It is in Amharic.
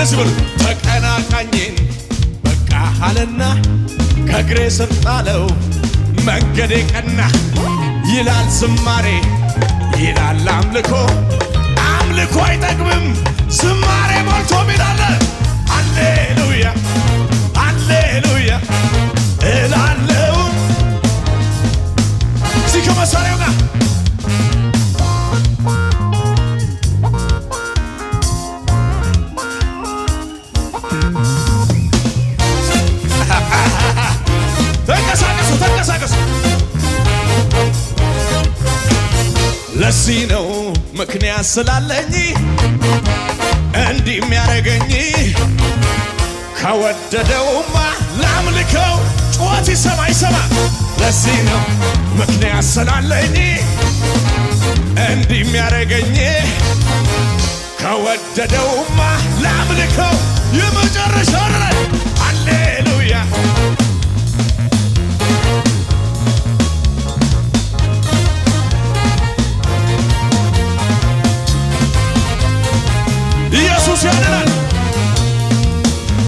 ደስ ብሉ። ተቀናቃኝን በቃ አለና ከእግሬ ስር ጣለው። መንገዴ ቀና ይላል ዝማሬ ይላል አምልኮ። አምልኮ አይጠቅምም ዝማሬ ሞልቶ ሚላለ አሌሉያ አሌሉያ እላለውን እዚህ ከመሳሪያው ጋር ተንቀሳቀሱ ተንቀሳቀሱ። ለዚህ ነው ምክንያት ስላለኝ እንዲህ የሚያደርገኝ። ከወደደውማ ላምልከው ጩኸት ይሰማ ይሰማ። ለዚህ ነው ምክንያት ስላለኝ እንዲህ የሚያደርገኝ ከወደደውማ Turn it